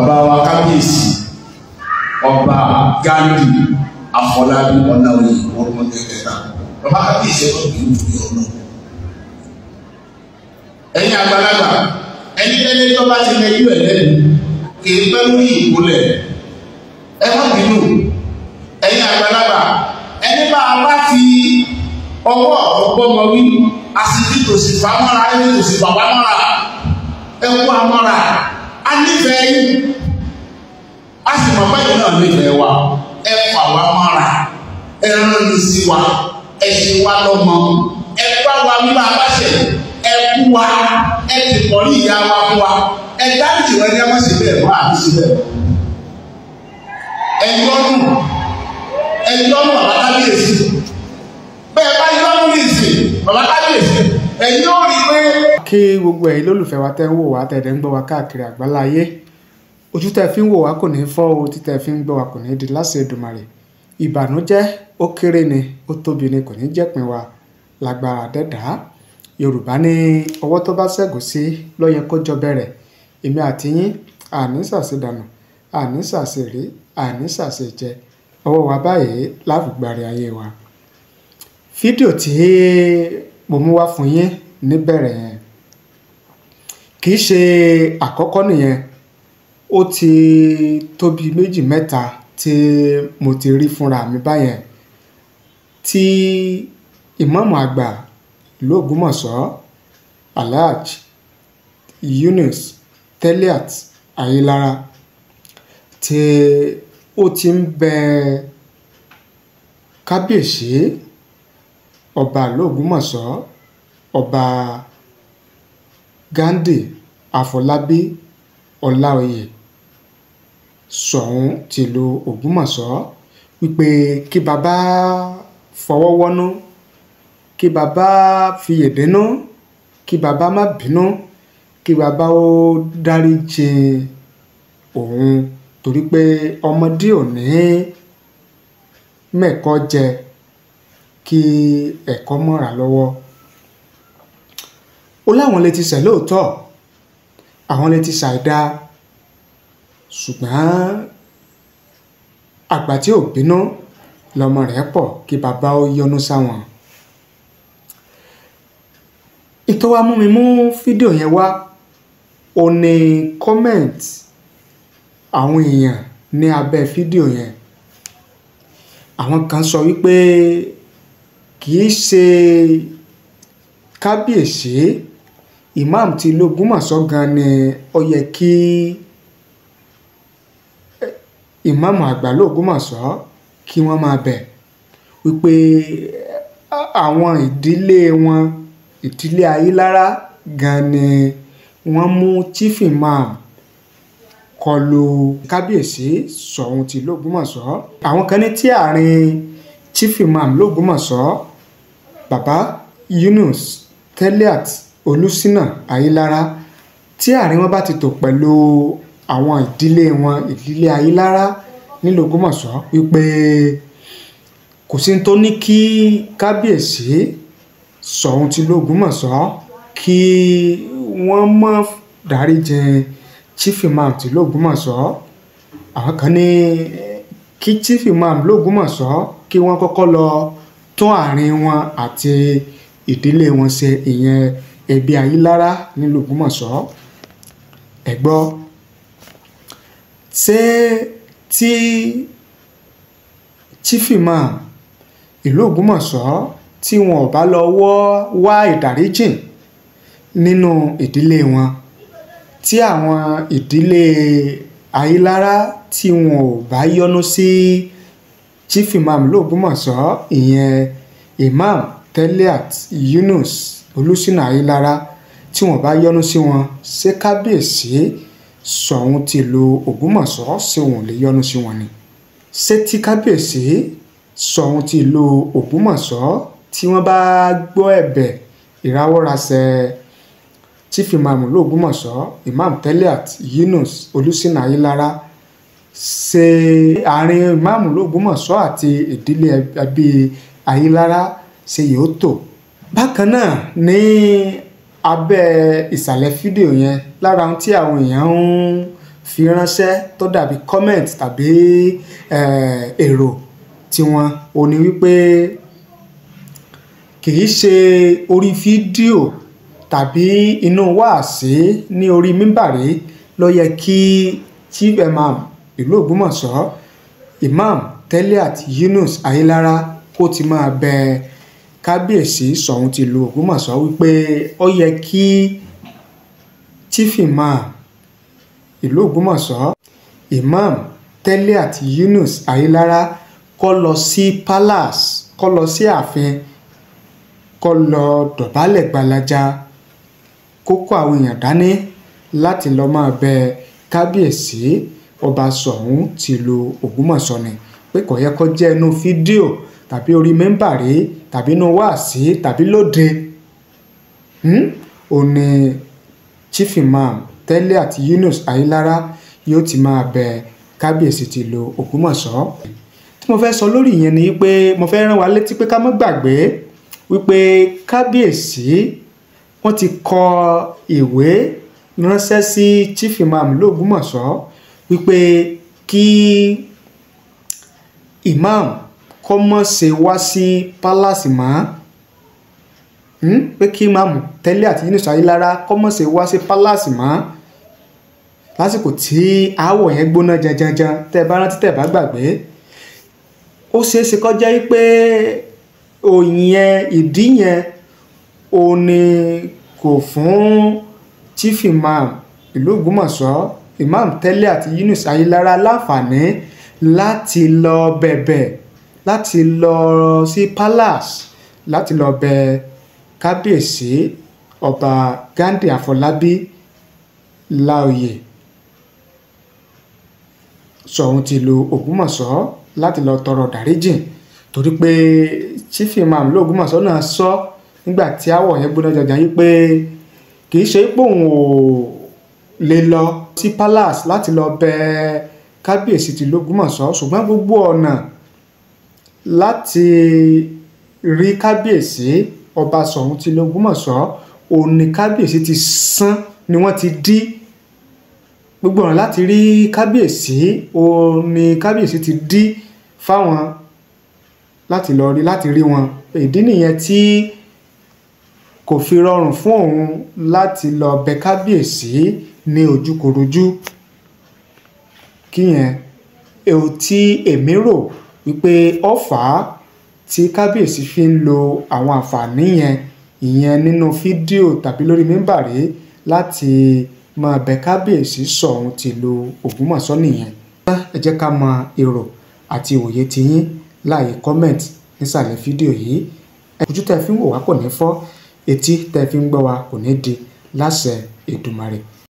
bàbá wa kábíyèsí ọba Ghandi Afọlábí Ọláoyè ọmọdé kẹta bàbá kábíyèsí ọba ìlú ìlú ọ̀nà. ẹ̀yin àgbàlagbà ẹni ẹni tó bá ti lẹ́yìn ẹ̀ lẹ́nu kì í pẹ́ lórí ìkólẹ̀ ẹ má bínú ẹ̀yin àgbàlagbà ẹni bá a bá fi ọwọ́ ọgbọ́mọ wí asibítòsí fàmọ́ra ẹni tòsí bàbá mọ́ra ẹ kú amọ́ra a nífẹ̀ẹ́ yín a sì mọ̀ báyìí náà nífẹ̀ẹ́ wa ẹ fà wá mọ́ra ẹ rán mi sí wa ẹ ṣe wá lọ́mọ ẹ bá wa bí bá a bá ṣẹ̀ ẹ kú wa ẹ ti pọ̀ ní ìyá wa fún wa ẹ dáríjì wọn ní ẹ má ṣe bẹ́ẹ̀ mọ́ àbí ṣe bẹ́ẹ̀ ẹ yọnu ẹ yọnu bàbá kábíyèsí bẹ́ẹ̀ bá yọnu ní ìsìn bàbá kábíyèsí. kí gbogbo ẹ̀yin lólùfẹ́ wa tẹ́ ń wò wá tẹ̀lé ń gbọ́ wa káàkiri àgbáláyé ojú tẹ́ fi ń wò wá kò ní fọ́ o tí fi ń gbọ́ wa kò ní di láṣẹ Èdùmàrè ìbànújẹ́ ó kéré ni ó tóbi ni kò ní jẹ́pin wa lágbára dẹ́dàá Yorùbá ní ọwọ́ tó bá ṣẹ́gun sí bẹ̀rẹ̀ èmi àti yín àní àní àní ọwọ́ wa báyìí láfùgbàrí ayé wa. fídíò tí mo mú wá fún yín níbẹ̀rẹ̀ yẹn kì í ṣe àkọ́kọ́ nìyẹn ó ti tóbi méjì mẹ́ta tí mo ti rí fúnra mi báyẹn tí ìmáàmù àgbà ìlú Ògbómọ̀ṣọ́ Alhaji Yunus Teliat Ayilara tí ó ti ń bẹ kábíyèsí ọba lògbómọ̀ṣọ́ ọba gandhi àfọlábí ọláòyè ṣòun tìlú ògbómọ̀ṣọ́ wípé kí baba fọwọ́ wọ́nú kí baba fiyè bínú kí baba má bínú kí baba ó dárí jìn òun torí pé ọmọdé ò ní mẹ́kọ́ jẹ kí ẹ̀kọ́ mọ́ra lọ́wọ́ ó láwọn lè ti ṣẹ̀ lóòótọ́ àwọn lè ti ṣàìdá ṣùgbọ́n àgbà tí ò bínú lọmọ rẹ̀ pọ̀ kí bàbá ó yọ́nú sáwọn ìtọ́wá mú mi mú fídíò yẹn wá ó ní comment àwọn èèyàn ní abẹ́ fídíò yẹn àwọn kan sọ wípé kì í ṣe kábíyèsí imam ti ìlú Ògbómọ̀ṣọ́ gan ni ó yẹ kí imam àgbà l'Ògbómọ̀ṣọ́ kí wọ́n máa bẹ̀ wípé àwọn ìdílé wọn ìdílé Ayílára gan ni wọ́n mú chief imam kọlu kábíyèsí Ṣọ̀ún tìlú Ògbómọ̀ṣọ́ àwọn kan ní tí àárín chief imam l'Ògbómọ̀ṣọ́ bàbá yunus teliat olùṣínà ayélára tí àárín wọn bá ti tò pẹ̀lú àwọn ìdílé wọn ìdílé ayélára nílùú ògbómọ̀ṣọ́ wípé kò sí tó ní kí kábíyèsí Ṣọ̀ún tìlú ògbómọ̀ṣọ́ kí wọ́n mọ̀ dáríjì chief imam tìlú ògbómọ̀ṣọ́ àwọn kan ní kí chief imam lógbómọ̀ṣọ́ kí wọ́n kọ́kọ́ lọ. Lo tún àárín wọn àti ìdílé wọn ṣe ìyẹn ẹbí Ayílára nílùú Ògbómọ̀ṣọ́ ẹ gbọ́ ṣé tí chifimọ̀ ìlú Ògbómọ̀ṣọ́ tí wọn ò bá lọ wọ́ wá ìdáríjìn nínú ìdílé wọn tí àwọn ìdílé Ayílára tí wọn ò bá yọ́nú sí. Si, chief imam lògbómọ̀ṣọ́ ìyẹn imam teliat yunus olùṣínà ayélára tí wọ́n bá yọ́nú sí wọn ṣé kábíyèsí Ṣọ̀ún tìlú ògbómọ̀ṣọ́ ṣé wọn ò lè yọ́nú sí wọn ni ṣé tí kábíyèsí Ṣọ̀ún tìlú ògbómọ̀ṣọ́ tí wọ́n bá gbọ́ ẹ̀bẹ̀ ìrawọ́rasẹ̀ chief imam lògbómọ̀ṣọ́ imam teliat yunus olùṣínà ayélára ṣe àárín ìmáàmù lÓgbómọ̀ṣọ́ àti ìdílé ẹbí Ayílára ṣe yóò tò bákan náà ní abẹ́ ìsàlẹ̀ fídíò yẹn lára ohun tí àwọn èèyàn ń fi ránṣẹ́ tó dàbí comment tàbí èrò tiwọn ò ní wípé kì í ṣe orí fídíò tàbí inú wáàsí ní orí mímbàrí ló yẹ kí chief imam ìlú Ògbómọ̀ṣọ́ Imam Teliat Yunus Ayélára kó ti máa bẹ kábíyèsí Ṣọ̀ún tìlú Ògbómọ̀ṣọ́ wípé ó yẹ kí tífìmam ìlú Ògbómọ̀ṣọ́ Imam Teliat Yunus Ayélára kó lọ sí palace kó lọ sí ààfin kó lọ dọ̀bálẹ̀ gbalaja kó àwọn èèyàn dání láti lọ́ọ́ máa bẹ kábíyèsí ọba Ṣọ̀ún tìlú Ògbómọ̀ṣọ́ ni pé kò yẹ kó jẹ́ inú fídíò tàbí orí mẹ́ńbàrí tàbí inú wáàsí tàbí lóde ò hmm? chief imam tẹ́lẹ̀ àti Yunus Ayílára yóò ti máa bẹ kábíyèsí tìlú Ògbómọ̀ṣọ́ tí mo fẹ́ sọ lórí ìyẹn ni pé mo fẹ́ rán wa létí pé ká má gbàgbé wípé kábíyèsí wọ́n ti kọ ìwé ránṣẹ́ sí chief imam l'Ògbómọ̀ṣọ́ wípé kí imam kó mọ̀ ṣe wá sí pálásì mọ́ hmm? pé kí imam tẹ́lẹ̀ àti Yunus Ayélára kó mọ̀ ṣe wá sí pálásì mọ́ lásìkò tí aáwọ̀ yẹn gbóná janjanjan tẹ́ bá rántí tẹ́ bá gbàgbé ó ṣeé ṣe kọjá pé òyìn ìdí yẹn òun ni kò fún chief imam ìlú Ògbómọ̀ṣọ́ imam tẹ́lẹ̀ àti Yunus Ayélára láǹfààní láti lọ bẹ̀bẹ̀ láti lọ sí palace láti lọ bẹ kábíyèsí ọba Ghandi Àfọlábí Láòyè Ṣọ̀ún tìlú Ògbómọ̀ṣọ́ láti lọ tọrọ dáríjìn torí pé chief imam lÓgbómọ̀ṣọ́ náà sọ nígbà tí àwọ̀ yẹn gbóná jọjà yí pé kì í ṣe pé ò lè lọ sí palace láti lọ bẹ kábíyèsí tìlú Ògbómọ̀ṣọ́ ṣùgbọ́n gbogbo ọ̀nà láti rí kábíyèsí ọba Ṣọ̀ún tìlú Ògbómọ̀ṣọ́ òun ni kábíyèsí ti sán ni wọ́n ti dí gbogbo ọ̀nà láti rí kábíyèsí òun ni kábíyèsí ti dí fáwọn láti lọ rí láti rí wọn ìdí nìyẹn tí kò fi rọrùn fún òun láti lọ bẹ kábíyèsí ní ojúkorojú kíyẹn èyí tí èmi rò wípé ọ̀fà tí kábíyèsí fi ń lo àwọn àǹfààní yẹn ìyẹn nínú fídíò tàbí lórí mímbàrí láti máa bẹ kábíyèsí sọ̀hún tìlú Ògbómọ̀ṣọ́ nìyẹn. ẹ jẹ́ ká mọ èrò àti òye tiyín láàyè comment nísàlẹ̀ fídíò yìí ojú tẹ́ fi ń wò wá kò ní fọ́ etí tẹ́ fi ń gbọ́ wá kò ní di láṣẹ Èdùmàrè